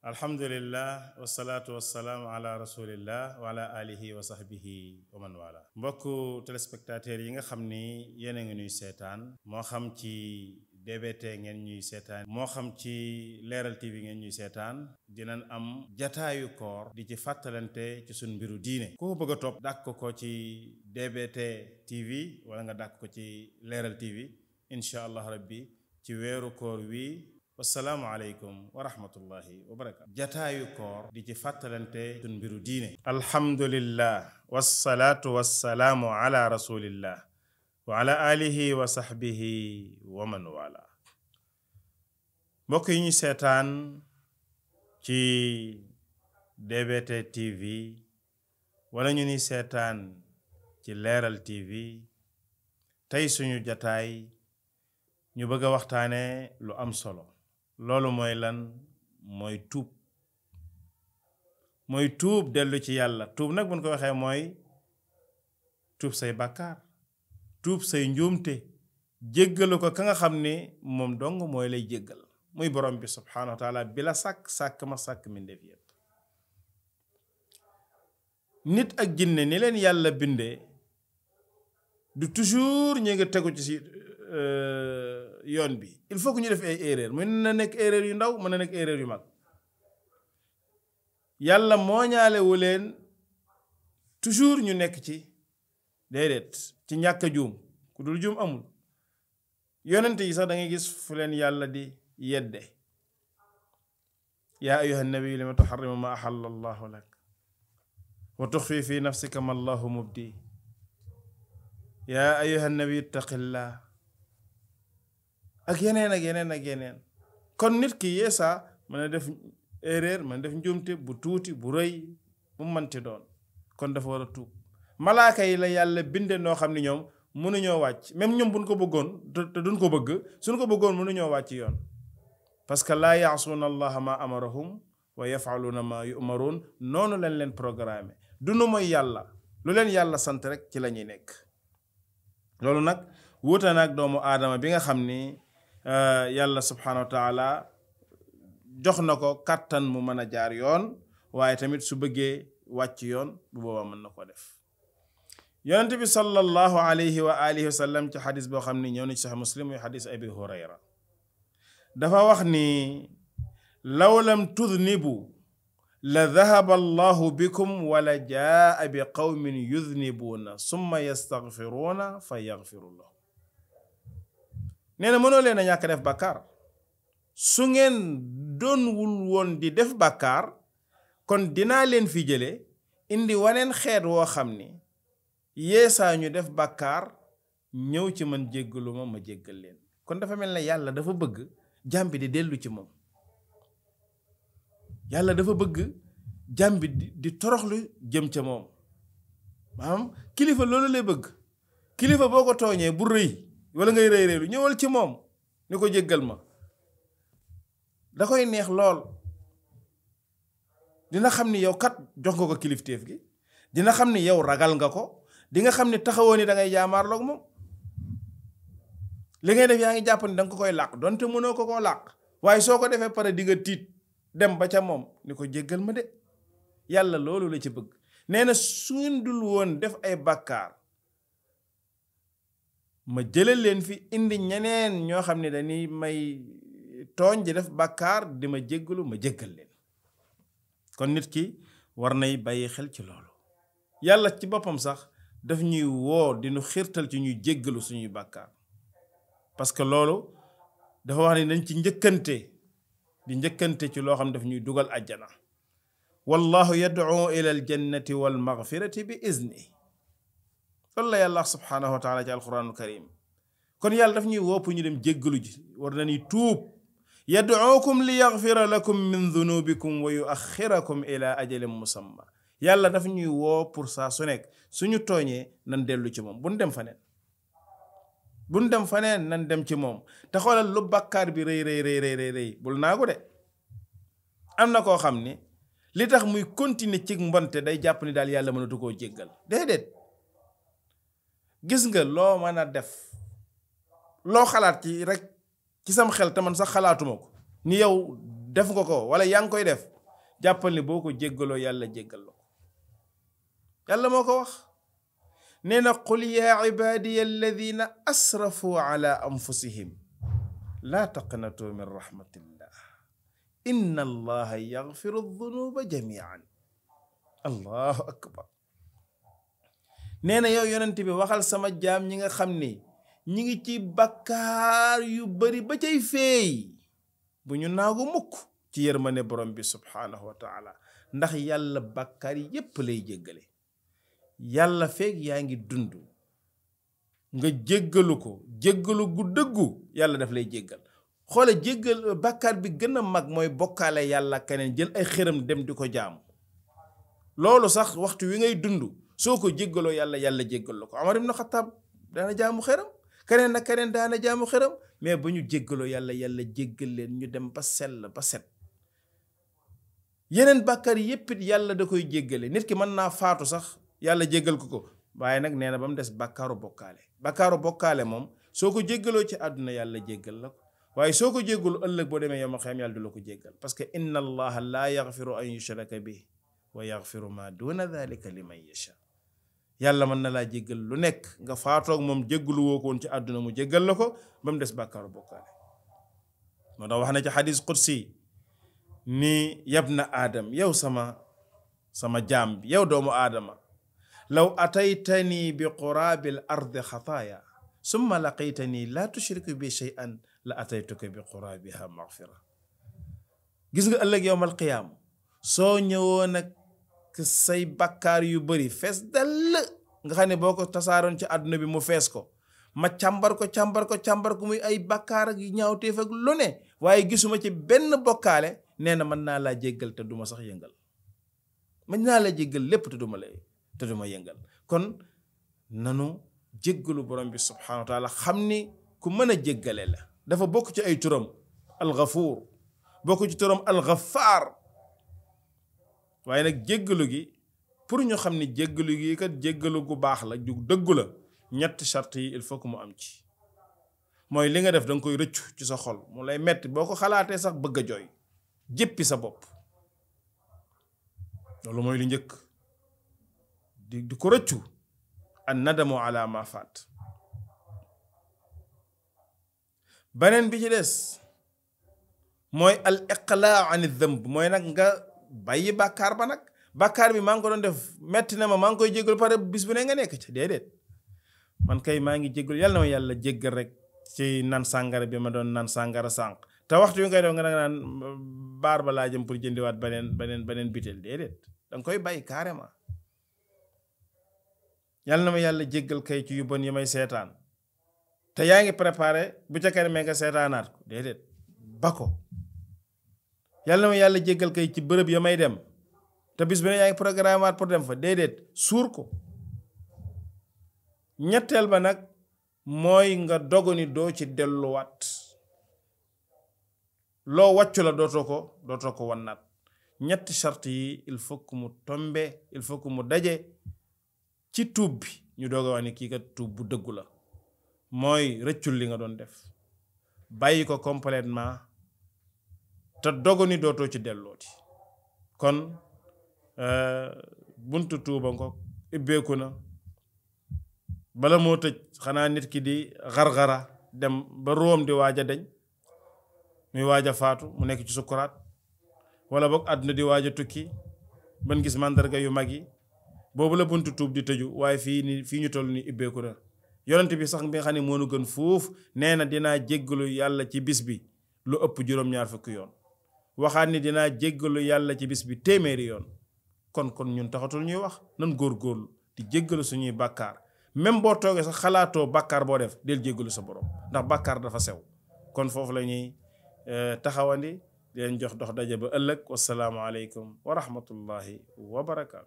alhamdulillah wasalaatu wasalaamu ala rasulillah wa ala alihi wa sahbihi wa man wala mbokku téléspectateurs yi nga xam ni yéen a ngi ñuy seetaan moo xam ci DBT ngeen ñuy seetaan moo xam ci Leeral TV ngeen ñuy seetaan dinañ am jataayu koor di ci fàttalante ci suñ mbiru diine ku ko bëgg a topp dàkk ko ci DBT TV wala nga dàkk ko ci Leeral TV incha allah rabbi ci weeru koor wi wassalaamu aleykum di ci fàttalante mbiru diine alhamdulillah wassalaatu wassalaamu ala rasulillah wa ala alihi wa sahbihi wa man wala mbokk yi ñu seetaan ci DBT TV wala ñu ni seetaan ci Leeral TV tey suñu jataay ñu bëgg a waxtaane lu am solo loolu mooy lan mooy tuub mooy tuub dellu ci yàlla tuub nag buñ ko waxee mooy tuub say bàkkaar tuub say njuumte jéggalu ko ka nga xam ni moom dong mooy lay jéggal muy borom bi subhaanahu wa bi la sàkk sàkk ma sàkk mbindeef yépp nit ak jinne ni leen yàlla bindee du toujours ñu tegu ci si euh, yoon bi il faut ñu def ay erreur mën na nekk erreur yu ndaw mën na nekk erreur yu mag yàlla moo ñaalewu leen toujours ñu nekk ci déedéet ci ñàkk juum ku dul juum amul yonent yi sax dangay gis fu leen yàlla di yedde yaa ayuha nabiyu lima tuxarimu ma axalla allahu lak wa tuxfi fi nafsika ma allahu mubdi yaa ayuha nabiyu ittaqillah ak yeneen ak yeneen ak yeneen kon nit ki yeesaa mën a def erreur man a def njuumte bu tuuti bu rëy bu manti doon kon dafa war a tuub malaaka yi la yàlla binde noo xam ne ñoom mënuñoo wàcc même ñoom bu buñ ko bëggoon te duñ ko bëgg suñ ko bëggoon mënuñoo wàcc yoon parce que laa yaasuuna allaha ma amarahum wa na ma yumaruun noonu leen leen programme dunu mooy yàlla lu leen yàlla sant rek ci la ñuy nekk loolu nag wuute naag doomu aadama bi nga xam ni Euh, yàlla subhanahu wa taala jox na ko kàttan mu mën a jaar yoon waaye tamit su bëggee wàcc yoon bu boobaa mën na ko def yonente bi sallallahu alayhi wa alihi wa sallam ci xadis boo xam ni ñëw na sax muslim muy xadis abi hurayra dafa wax ni law lam tudnibu la dahaba allahu bikum wala jaa bi qawmin yudnibuuna summa yastaghfiruuna fa yaghfiru lahum nee na mënoo leen a ñàkk def bàkkaar su ngeen doonwul woon di def bàkkaar kon dinaa leen fi jële indi waneen xeet woo xam ni yeesaa ñu def bàkkaar ñëw ci man jéggalu ma ma jéggal leen kon dafa mel ne yàlla dafa bëgg jàmbi di dellu ci moom yàlla dafa bëgg jàmbi di toroxlu jëm ca moom kilifa loolu la bëgg kilifa boo ko tooñee bu rëy wala ngay rëy rëylu ñëwal ci moom ni ko jéggal ma da koy neex lool dina xam ni yow kat jox nga ko kilifteef gi dina xam ni yow ragal nga ko di nga xam ni taxawoo ni da ngay jaamaarloog moom li ngay def yaa ngi jàpp ni da ko koy làq donte mënoo ko koo làq waaye soo ko defee pare di nga tiit dem ba ca moom ni ko jéggal ma de yàlla loolu la ci bëgg nee na dul woon def ay bàkkaar ma jëlal leen fi indi ñeneen ñoo xam ne dañuy may tooñ di def bàkkaar di ma jéggalu ma jéggal leen kon nit ki war nay bàyyi xel ci loolu yàlla ci boppam sax daf ñuy woo dinu xiirtal ci ñuy jéggalu suñuy bàkkaar parce que loolu dafa wax ne dañ ci njëkkante di njëkkante ci loo xam ne daf ñuy dugal àjjana wallahu yad'u ila al jannati wal maghfirati bi izni loolu la yàlla wax subhaanahu wa taala ci karim kon yàlla daf ñuy wopp ñu dem jéggalu ji war nañuy tuub yaduukum li yaxfira lakum min dunubikum wa yuaxirakum ila ajalin musamma yàlla daf ñuy woo pour saa su nekk suñu tooñee nan dellu ci moom buñ dem faneen buñ dem faneen nan dem ci moom te xoolal lu bakkaar bi rëy rëy rëy rëy bul naagu de am na koo xam ni li tax muy continuer ci mbante day jàpp ni daal yàlla mënatu koo jéggal déedéet gis nga loo mën a def loo xalaat ci rek ci sam xel taman man sax xalaatuma ko ni yow def nga ko wala yaa ngi koy def jàppal ni boo ko jéggaloo yàlla jéggal la ko ko wax nee na qul yaa ibaadiya alladina asrafu ala anfusihim laa taqnatu min rahmatillah inna allaha yaxfiru dunuba jamian allahu akbar nee na yow yonent bi waxal sama jaam ñi nga xam ni ñi ngi ci bakkaar yu bari ba cay feey bu ñu naagu mukk ci yërmande borom bi subhaanahu wa ndax yàlla bakkaar yépp lay jéggale yàlla feeg yaa ngi dund nga jéggalu ko jéggalu gu dëggu yàlla daf lay jéggal xoole jéggal bàkkaar bi gën a mag mooy bokkaale yàlla keneen jël ay xëram dem di ko jaamu loolu sax waxtu wi ngay dund soo ko jéggaloo yàlla yàlla jéggal la ko Omar ibn Khattab daana jaamu xeram keneen nag keneen daana jaamu xeram mais ba ñu jéggaloo yàlla yàlla jéggal leen ñu dem ba sell ba yeneen bàkkaar yépp yàlla da koy jéggale nit ki mën naa faatu sax yàlla jéggal ko ko waaye nag nee na ba mu des bàkkaaru bokkaale bàkkaaru bokkaale moom soo ko jéggaloo ci àdduna yàlla jéggal la ko waaye soo ko jéggalu ëllëg boo demee yowma xiyaam yàlla du la ko jéggal parce que inna allaha laa yaxfiru an yushraka bi wa yaxfiru ma duna dalika liman yasha yalla mën na laa jéggal lu nekk nga faatoog moom jéggalu woo ko woon ci àdduna mu jéggal la ko ba mu des bàkkaaru bokkaale moo tax wax na ci xadis qudsi ni yab na aadam yow sama sama jaam bi yow doomu aadama law ataytani bi quraabil ardi xataaya summa laqaytani laa tushriku bi shay'an la ataytuka bi quraabiha magfira gis nga ëllëg yowmal qiyaam soo ñëwoon ak say bakkaar yu bari fees dell nga xam ne boo ko tasaaroon ci àdduna bi mu fees ko ma càmbar ko càmbar ko càmbar ko muy ay bakkaar ak ñaawteef ak lone waaye gisuma ci benn bokkaale nee na mën naa laa jéggal te duma sax yëngal mën naa laa jéggal lépp te duma lay te duma yëngal kon nanu jéggalu borom bi subhanahu wa xam ni ku mën a jéggale la dafa bokk ci ay turam alxafuur bokk ci turam alxafaar waaye nag jéggalu gi pour ñu xam ni jéggalu gi kat jéggalu gu baax la ju dëggu la ñetti charte yi il faut mu am ci mooy li nga def danga koy rëccu ci sa xol mu lay metti boo ko xalaatee sax bëgg a jooy jéppi sa bopp loolu mooy lu njëkk di ko rëccu an nadamu ala ma faat beneen bi ci des mooy al iqlaa an damb mooy nag nga bàyyi bàkkaar ba nag bakkaar bi maa ngi ko doon def metti na ma maa ngi koy jégalu pare bis bu ne nga nekk ci déedéet man kay maa ngi jégalu yàlla na ma yàlla jéggal rek ci nan sàngara bi ma doon nan sàngara sànq te waxtu yu ngay def nga da ba laa jëm pour jëndiwaat beneen beneen beneen bitel déedéet danga koy bàyyi carrément yàlla na yàlla jéggal kay ci yu bon yi may seetaan te yaa ngi préparé bu ca kanamee nga seetaanaat ko déedéet ba yàlla na yàlla jéggal koy ci bërëb ya may dem te bis bi ne yaa programme waat pour dem fa déedéet suur ko ñetteel ba nag mooy nga dogu ni doo ci delluwaat loo wàccu la dootoo ko dootoo ko wannaat ñetti charte yi il faut mu tombe il faut mu daje ci tuub bi ñu doog a kii kat tuub bu dëggu la mooy rëccul li nga doon def bàyyi ko complètement te dogu ni dootoo ci dellooti kon euh, buntu tuuba ngoog ibbeeku na bala moo tëj xanaa nit ki di xar-xara dem ba room di waaj a deñ muy waaj a faatu mu nekk ci sukkuraat wala boog àdduna di waaj a tukki ban gis màndarga yu mag yi boobu la buntu tuub di tëju waaye fii ni fii ñu toll ni ibbeeku na yonent bi sax bi moo nu gën fuuf nee na dinaa jéggalu yàlla ci bis bi lu ëpp juróom-ñaar fukki yoon waxaat ni dinaa jéggalu yàlla ci bis bi téeméeri yoon kon kon ñun taxatul ñuy wax nan góor góorgóorlu di jéggalu suñuy bàkkaar même boo toogee sax xalaatoo bàkkaar boo def del jéggalu sa borom ndax bàkkaar dafa sew kon foofu la ñuy eh, taxawandi di jox dox daje ba ëllëg wasalaamualeykum wa rahmatullahi wa barakaatu.